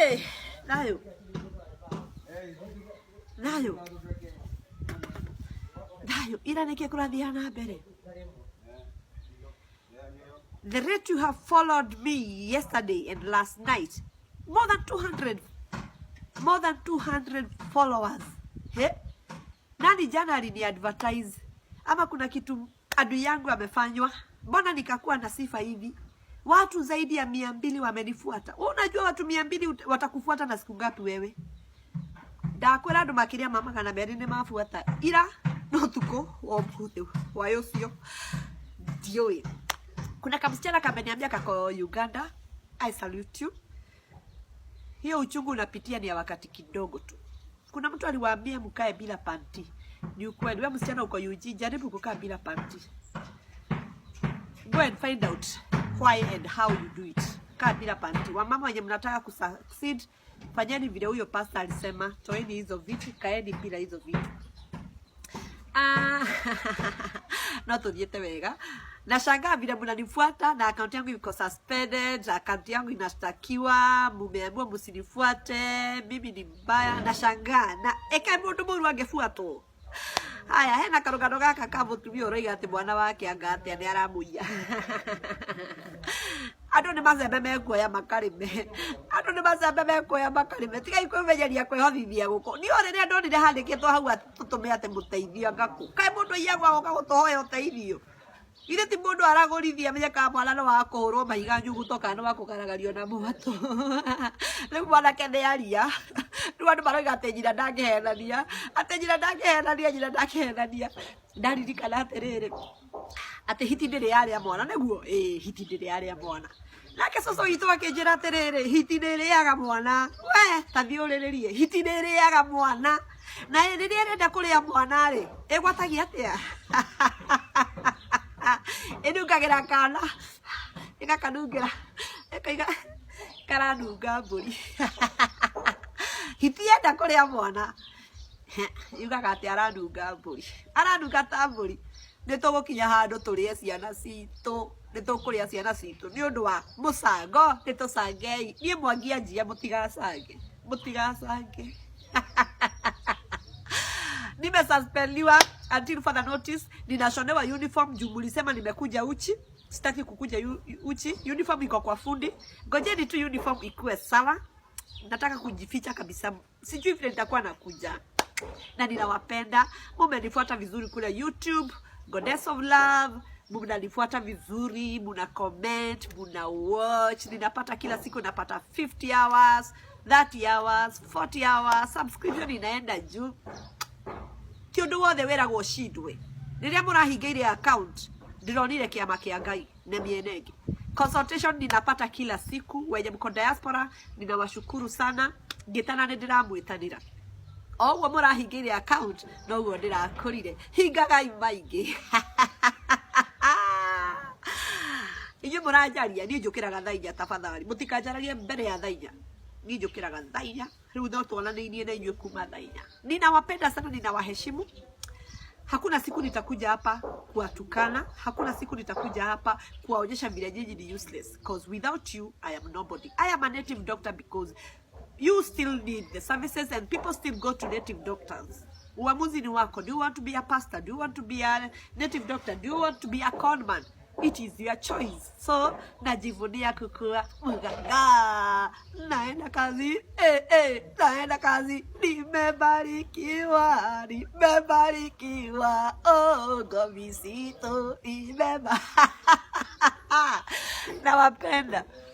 Hey, Dayo. Dayo. Dayo, ira neke kurathia na mbere. The rate you have followed me yesterday and last night, more than 200, more than 200 followers. He? Nani jana ni advertise ama kuna kitu adu yangu amefanywa? Mbona nikakuwa na sifa hivi? watu zaidi ya mia mbili wamenifuata. Unajua watu mia mbili watakufuata na siku ngapi wewe? ndakwira andu makiria ma magana meri ni mafuata ira no tuko wa muthe wa yocio ndioi kuna kamsichana kameniambia kako Uganda I salute you hiyo uchungu unapitia ni ya wakati kidogo tu kuna mtu aliwaambia mkae bila panti ni ukweli wewe msichana uko UG jaribu kukaa bila panti go and find out why and how you do it. Kaa bila panti. Wamama wenye mnataka kusucceed, fanyeni vile huyo pasta alisema, toeni hizo vitu, kaeni bila hizo vitu. Ah, na tujiete wega. Nashangaa vile mnanifuata na akaunti yangu iko suspended, akaunti yangu inashtakiwa, mumeamua msinifuate, mimi ni mbaya. Nashangaa na eka mundu muru angefuatwo. Haya, hena karogano gaka tumio ũroiga atĩ mwana wake angatia ni aramuiya andu ni macembe mekuoya makarime andu ni macembe mekuoya makarime tigai kwĩmenyeria kwĩhothithia guku ni ore ni ndonire handikitwo hau tutume ate muteithio ngaku kai mundu iyagwa oka gutuhoya uteithio ithe ti mundu aragurithia menye ka mwana no wakuhurwo mahiga nyuguto kana no wakugaragario na mwatũ rĩu mwanake nĩ aria rĩu andũ maroiga atĩ nyina ndangĩhenania atĩ nyina ndangĩhenania nyina ndangĩhenania ndaririkana atĩrĩrĩ Ati hiti ndiri yari ya mwana niguo ä hiti ndiri yari ya mwana nake cucu witå akinjira atiriri hiti aga mwana we tathiuriririe hiti aga mwana na riria renda kuria mwana ri igwatagia atia inungagira kana igakanungira ikaiga karanunga mburi hitienda kuria mwana yugaga atä aranunga mburi aranunga ta mburi nä tå gå kinya ciana citå nä tå ciana citå nä å wa må cango nä tå mwangia njia må tigacange nimesuspendiwa until further notice. Ninashonewa uniform juu mlisema nimekuja uchi. Sitaki kukuja uchi. Uniform iko kwa fundi. Ngojeni tu uniform ikuwe sawa. Nataka kujificha kabisa, sijui vile nitakuwa nakuja na ninawapenda. Mumenifuata vizuri kule YouTube Goddess of Love, mnanifuata vizuri, muna comment, muna watch. Ninapata kila siku napata 50 hours, 30 hours, 40 hours, subscription inaenda juu. Tiondo wothe weragwo cindwe riria murahingeire account ndironire kiama kia ngai na mienenge consultation ninapata kila siku wenye mko diaspora ninawashukuru sana ngitana ni ndiramwitanira oguo murahingire account noguo ndirakũrire hingagai maingĩ inyuĩ mũranjaria niĩ njũkĩraga thaa inya tafadhali mũtikanjaragie mbere ya thaa inya niĩ njũkĩraga thaa inya rĩu no twananĩirie na inyuĩ kuma thaa inya ninawapenda sana ninawaheshimu Hakuna siku nitakuja hapa kuwatukana, hakuna siku nitakuja hapa kuwaonyesha vile nyinyi ni useless, because without you I am nobody. I am a native doctor because you still need the services and people still go to native doctors. Uamuzi ni wako. Do you want to be a pastor? Do you want to be a native doctor? Do you want to be a conman? It is your choice. So najivunia kukua mganga, naenda kazi eh, eh, naenda kazi, nimebarikiwa, nimebarikiwa oh, gomisito nimeba nawapenda.